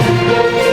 Música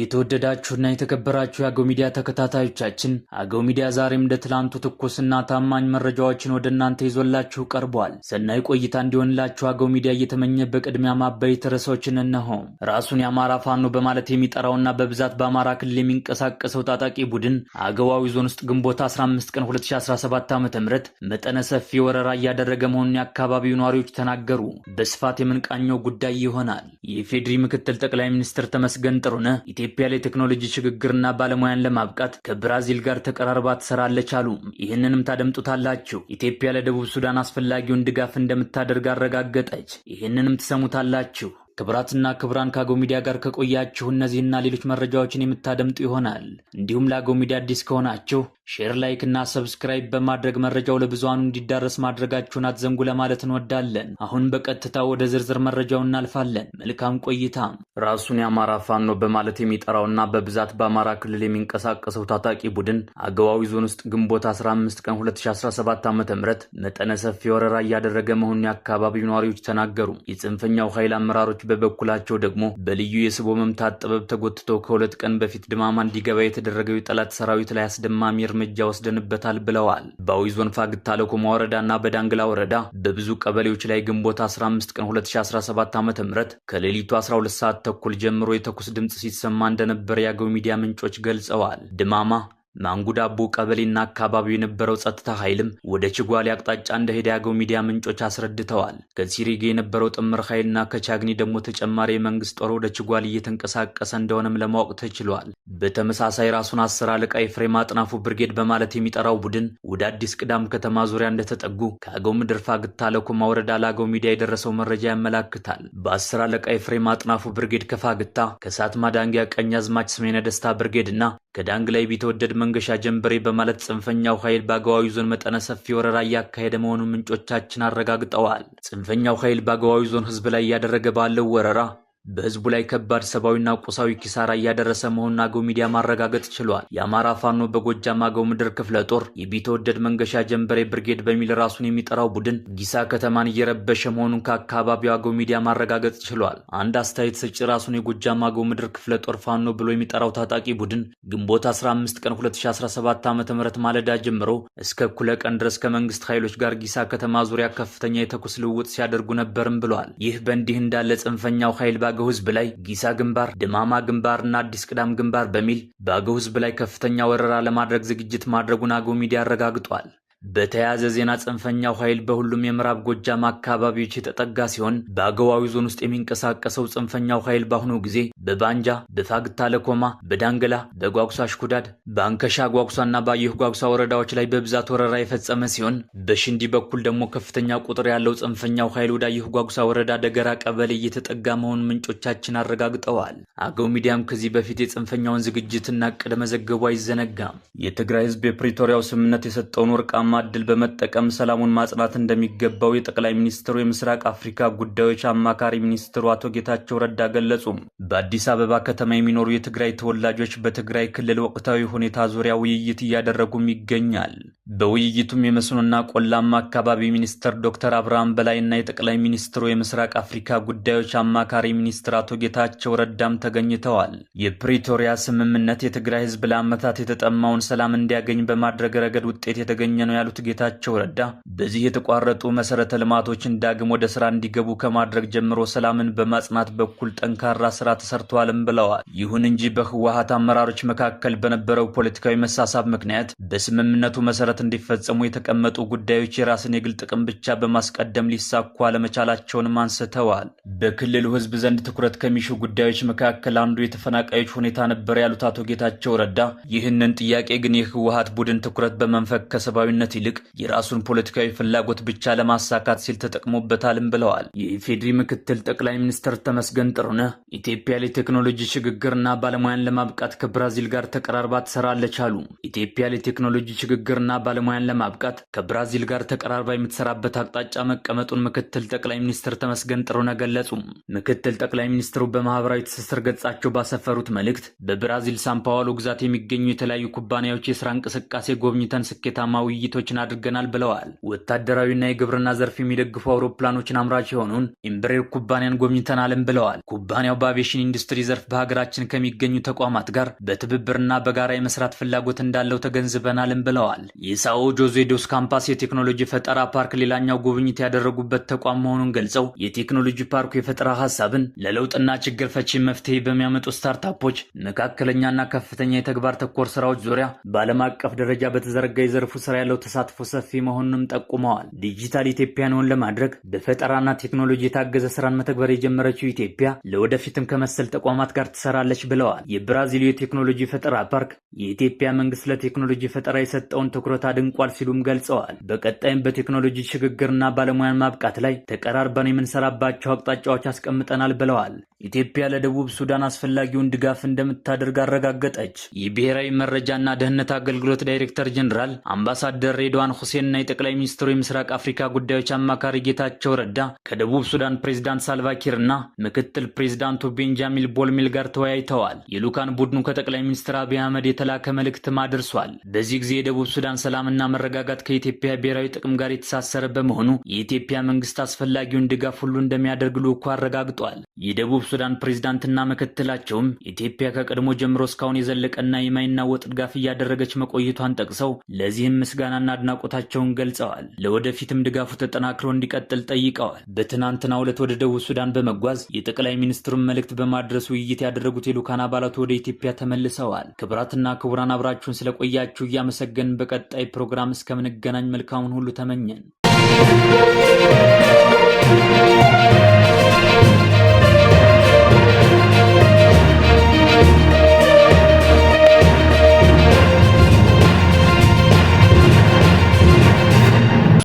የተወደዳችሁና የተከበራችሁ የአገው ሚዲያ ተከታታዮቻችን አገው ሚዲያ ዛሬም እንደ ትላንቱ ትኩስና ታማኝ መረጃዎችን ወደ እናንተ ይዞላችሁ ቀርቧል። ሰናይ ቆይታ እንዲሆንላችሁ አገው ሚዲያ እየተመኘ በቅድሚያ ማበይት ርዕሶችን እነሆ። ራሱን የአማራ ፋኖ በማለት የሚጠራውና በብዛት በአማራ ክልል የሚንቀሳቀሰው ታጣቂ ቡድን አገዋዊ ዞን ውስጥ ግንቦት 15 ቀን 2017 ዓ ም መጠነ ሰፊ ወረራ እያደረገ መሆኑን የአካባቢው ነዋሪዎች ተናገሩ። በስፋት የምንቃኘው ጉዳይ ይሆናል። የኢፌዴሪ ምክትል ጠቅላይ ሚኒስትር ተመስገን ጥሩነህ ኢትዮጵያ ለቴክኖሎጂ ሽግግርና ባለሙያን ለማብቃት ከብራዚል ጋር ተቀራርባ ትሰራለች አሉ። ይህንንም ታደምጡታላችሁ። ኢትዮጵያ ለደቡብ ሱዳን አስፈላጊውን ድጋፍ እንደምታደርግ አረጋገጠች። ይህንንም ትሰሙታላችሁ። ክብራትና ክብራን ከአጎ ሚዲያ ጋር ከቆያችሁ እነዚህና ሌሎች መረጃዎችን የምታደምጡ ይሆናል። እንዲሁም ለአጎ ሚዲያ አዲስ ከሆናችሁ ሼር፣ ላይክ እና ሰብስክራይብ በማድረግ መረጃው ለብዙሃኑ እንዲዳረስ ማድረጋችሁን አትዘንጉ ለማለት እንወዳለን። አሁን በቀጥታ ወደ ዝርዝር መረጃው እናልፋለን። መልካም ቆይታ። ራሱን የአማራ ፋኖ በማለት የሚጠራውና በብዛት በአማራ ክልል የሚንቀሳቀሰው ታጣቂ ቡድን አገባዊ ዞን ውስጥ ግንቦት 15 ቀን 2017 ዓ ም መጠነ ሰፊ ወረራ እያደረገ መሆኑን የአካባቢው ነዋሪዎች ተናገሩ። የጽንፈኛው ኃይል አመራሮች በበኩላቸው ደግሞ በልዩ የስቦ መምታት ጥበብ ተጎትተው ከሁለት ቀን በፊት ድማማ እንዲገባ የተደረገው የጠላት ሰራዊት ላይ አስደማሚ እርምጃ ወስደንበታል ብለዋል። በአዊ ዞን ፋግታ ለኮማ ወረዳና በዳንግላ ወረዳ በብዙ ቀበሌዎች ላይ ግንቦት 15 ቀን 2017 ዓ ም ከሌሊቱ 12 ሰዓት ተኩል ጀምሮ የተኩስ ድምፅ ሲሰማ እንደነበር የአገው ሚዲያ ምንጮች ገልጸዋል። ድማማ ማንጉዳቦ ቀበሌና አካባቢው የነበረው ጸጥታ ኃይልም ወደ ችጓሌ አቅጣጫ እንደሄደ ያገው ሚዲያ ምንጮች አስረድተዋል። ከሲሪጌ የነበረው ጥምር ኃይልና ከቻግኒ ደግሞ ተጨማሪ የመንግስት ጦር ወደ ችጓል እየተንቀሳቀሰ እንደሆነም ለማወቅ ተችሏል። በተመሳሳይ ራሱን አስር አለቃ ኤፍሬም አጥናፉ ብርጌድ በማለት የሚጠራው ቡድን ወደ አዲስ ቅዳም ከተማ ዙሪያ እንደተጠጉ ከአገው ምድር ፋግታ ለኮማ ወረዳ ለአገው ሚዲያ የደረሰው መረጃ ያመላክታል። በአስር አለቃ ኤፍሬም አጥናፉ ብርጌድ ከፋግታ ከሳት ማዳንጊያ ቀኝ አዝማች ስሜነ ደስታ ብርጌድ እና ከዳንግ ላይ ቢተወደድ መንገሻ ጀንበሬ በማለት ጽንፈኛው ኃይል በአገዋዊ ዞን መጠነ ሰፊ ወረራ እያካሄደ መሆኑን ምንጮቻችን አረጋግጠዋል። ጽንፈኛው ኃይል በአገዋዊ ዞን ህዝብ ላይ እያደረገ ባለው ወረራ በህዝቡ ላይ ከባድ ሰብአዊና ቁሳዊ ኪሳራ እያደረሰ መሆኑን አገው ሚዲያ ማረጋገጥ ችሏል። የአማራ ፋኖ በጎጃም አገው ምድር ክፍለ ጦር የቢተወደድ መንገሻ ጀንበሬ ብርጌድ በሚል ራሱን የሚጠራው ቡድን ጊሳ ከተማን እየረበሸ መሆኑን ከአካባቢው አገው ሚዲያ ማረጋገጥ ችሏል። አንድ አስተያየት ሰጪ ራሱን የጎጃም አገው ምድር ክፍለ ጦር ፋኖ ብሎ የሚጠራው ታጣቂ ቡድን ግንቦት 15 ቀን 2017 ዓ ም ማለዳ ጀምሮ እስከ እኩለ ቀን ድረስ ከመንግስት ኃይሎች ጋር ጊሳ ከተማ ዙሪያ ከፍተኛ የተኩስ ልውውጥ ሲያደርጉ ነበርም ብሏል። ይህ በእንዲህ እንዳለ ጽንፈኛው ኃይል የአገው ህዝብ ላይ ጊሳ ግንባር፣ ድማማ እና አዲስ ቅዳም ግንባር በሚል በአገው ህዝብ ላይ ከፍተኛ ወረራ ለማድረግ ዝግጅት ማድረጉን አገው ሚዲያ አረጋግጧል። በተያያዘ ዜና ጽንፈኛው ኃይል በሁሉም የምዕራብ ጎጃም አካባቢዎች የተጠጋ ሲሆን በአገዋዊ ዞን ውስጥ የሚንቀሳቀሰው ጽንፈኛው ኃይል በአሁኑ ጊዜ በባንጃ፣ በፋግታ ለኮማ፣ በዳንግላ፣ በጓጉሳ ሽኩዳድ፣ በአንከሻ ጓጉሳና በአየሁ ጓጉሳ ወረዳዎች ላይ በብዛት ወረራ የፈጸመ ሲሆን በሽንዲ በኩል ደግሞ ከፍተኛ ቁጥር ያለው ጽንፈኛው ኃይል ወደ አየሁ ጓጉሳ ወረዳ ደገራ ቀበሌ እየተጠጋ መሆኑን ምንጮቻችን አረጋግጠዋል። አገው ሚዲያም ከዚህ በፊት የጽንፈኛውን ዝግጅትና ቅድመ ዘገቡ አይዘነጋም። የትግራይ ህዝብ የፕሪቶሪያው ስምምነት የሰጠውን ወርቃ የፓርላማ እድል በመጠቀም ሰላሙን ማጽናት እንደሚገባው የጠቅላይ ሚኒስትሩ የምስራቅ አፍሪካ ጉዳዮች አማካሪ ሚኒስትሩ አቶ ጌታቸው ረዳ ገለጹ። በአዲስ አበባ ከተማ የሚኖሩ የትግራይ ተወላጆች በትግራይ ክልል ወቅታዊ ሁኔታ ዙሪያ ውይይት እያደረጉም ይገኛል። በውይይቱም የመስኖና ቆላማ አካባቢ ሚኒስትር ዶክተር አብርሃም በላይና የጠቅላይ ሚኒስትሩ የምስራቅ አፍሪካ ጉዳዮች አማካሪ ሚኒስትር አቶ ጌታቸው ረዳም ተገኝተዋል። የፕሪቶሪያ ስምምነት የትግራይ ሕዝብ ለዓመታት የተጠማውን ሰላም እንዲያገኝ በማድረግ ረገድ ውጤት የተገኘ ነው ያሉት ጌታቸው ረዳ በዚህ የተቋረጡ መሰረተ ልማቶችን ዳግም ወደ ስራ እንዲገቡ ከማድረግ ጀምሮ ሰላምን በማጽናት በኩል ጠንካራ ስራ ተሰርተዋልም ብለዋል። ይሁን እንጂ በህወሀት አመራሮች መካከል በነበረው ፖለቲካዊ መሳሳብ ምክንያት በስምምነቱ መሰረት ተግባራት እንዲፈጸሙ የተቀመጡ ጉዳዮች የራስን የግል ጥቅም ብቻ በማስቀደም ሊሳኩ አለመቻላቸውንም አንስተዋል። በክልሉ ህዝብ ዘንድ ትኩረት ከሚሹ ጉዳዮች መካከል አንዱ የተፈናቃዮች ሁኔታ ነበር ያሉት አቶ ጌታቸው ረዳ ይህንን ጥያቄ ግን የህወሀት ቡድን ትኩረት በመንፈግ ከሰብአዊነት ይልቅ የራሱን ፖለቲካዊ ፍላጎት ብቻ ለማሳካት ሲል ተጠቅሞበታልም ብለዋል። የኢፌዴሪ ምክትል ጠቅላይ ሚኒስትር ተመስገን ጥሩነህ ኢትዮጵያ ለቴክኖሎጂ ሽግግርና ባለሙያን ለማብቃት ከብራዚል ጋር ተቀራርባ ትሰራለች አሉ። ኢትዮጵያ ለቴክኖሎጂ ሽግግርና ባለሙያን ለማብቃት ከብራዚል ጋር ተቀራርባ የምትሰራበት አቅጣጫ መቀመጡን ምክትል ጠቅላይ ሚኒስትር ተመስገን ጥሩነህ ገለጹ። ምክትል ጠቅላይ ሚኒስትሩ በማህበራዊ ትስስር ገጻቸው ባሰፈሩት መልእክት በብራዚል ሳምፓዋሎ ግዛት የሚገኙ የተለያዩ ኩባንያዎች የስራ እንቅስቃሴ ጎብኝተን ስኬታማ ውይይቶችን አድርገናል ብለዋል። ወታደራዊና የግብርና ዘርፍ የሚደግፉ አውሮፕላኖችን አምራች የሆኑን ኢምብሬር ኩባንያን ጎብኝተናልም ብለዋል። ኩባንያው በአቪዬሽን ኢንዱስትሪ ዘርፍ በሀገራችን ከሚገኙ ተቋማት ጋር በትብብርና በጋራ የመስራት ፍላጎት እንዳለው ተገንዝበናልም ብለዋል። የሳኦ ጆዜ ዶስ ካምፓስ የቴክኖሎጂ ፈጠራ ፓርክ ሌላኛው ጉብኝት ያደረጉበት ተቋም መሆኑን ገልጸው የቴክኖሎጂ ፓርኩ የፈጠራ ሀሳብን ለለውጥና ችግር ፈቺ መፍትሄ በሚያመጡ ስታርታፖች መካከለኛና ከፍተኛ የተግባር ተኮር ስራዎች ዙሪያ በዓለም አቀፍ ደረጃ በተዘረጋ የዘርፉ ስራ ያለው ተሳትፎ ሰፊ መሆኑንም ጠቁመዋል። ዲጂታል ኢትዮጵያንውን ለማድረግ በፈጠራና ቴክኖሎጂ የታገዘ ስራን መተግበር የጀመረችው ኢትዮጵያ ለወደፊትም ከመሰል ተቋማት ጋር ትሰራለች ብለዋል። የብራዚሉ የቴክኖሎጂ ፈጠራ ፓርክ የኢትዮጵያ መንግስት ለቴክኖሎጂ ፈጠራ የሰጠውን ትኩረት አድንቋል ሲሉም ገልጸዋል። በቀጣይም በቴክኖሎጂ ሽግግርና ባለሙያን ማብቃት ላይ ተቀራርበን የምንሰራባቸው አቅጣጫዎች አስቀምጠናል ብለዋል። ኢትዮጵያ ለደቡብ ሱዳን አስፈላጊውን ድጋፍ እንደምታደርግ አረጋገጠች። የብሔራዊ መረጃና ደህንነት አገልግሎት ዳይሬክተር ጀኔራል አምባሳደር ሬድዋን ሁሴንና የጠቅላይ ሚኒስትሩ የምስራቅ አፍሪካ ጉዳዮች አማካሪ ጌታቸው ረዳ ከደቡብ ሱዳን ፕሬዝዳንት ሳልቫኪርና ምክትል ፕሬዝዳንቱ ቤንጃሚን ቦልሚል ጋር ተወያይተዋል። የልዑካን ቡድኑ ከጠቅላይ ሚኒስትር አብይ አህመድ የተላከ መልእክትም አድርሷል። በዚህ ጊዜ የደቡብ ሱዳን ሰላም ሰላምና መረጋጋት ከኢትዮጵያ ብሔራዊ ጥቅም ጋር የተሳሰረ በመሆኑ የኢትዮጵያ መንግስት አስፈላጊውን ድጋፍ ሁሉ እንደሚያደርግ ልዑኩ አረጋግጧል። የደቡብ ሱዳን ፕሬዝዳንትና ምክትላቸውም ኢትዮጵያ ከቀድሞ ጀምሮ እስካሁን የዘለቀና የማይናወጥ ድጋፍ እያደረገች መቆየቷን ጠቅሰው ለዚህም ምስጋናና አድናቆታቸውን ገልጸዋል። ለወደፊትም ድጋፉ ተጠናክሮ እንዲቀጥል ጠይቀዋል። በትናንትናው ዕለት ወደ ደቡብ ሱዳን በመጓዝ የጠቅላይ ሚኒስትሩን መልእክት በማድረስ ውይይት ያደረጉት የልዑካን አባላቱ ወደ ኢትዮጵያ ተመልሰዋል። ክቡራትና ክቡራን አብራችሁን ስለቆያችሁ እያመሰገን በቀጥ በቀጣይ ፕሮግራም እስከምንገናኝ መልካሙን ሁሉ ተመኘን።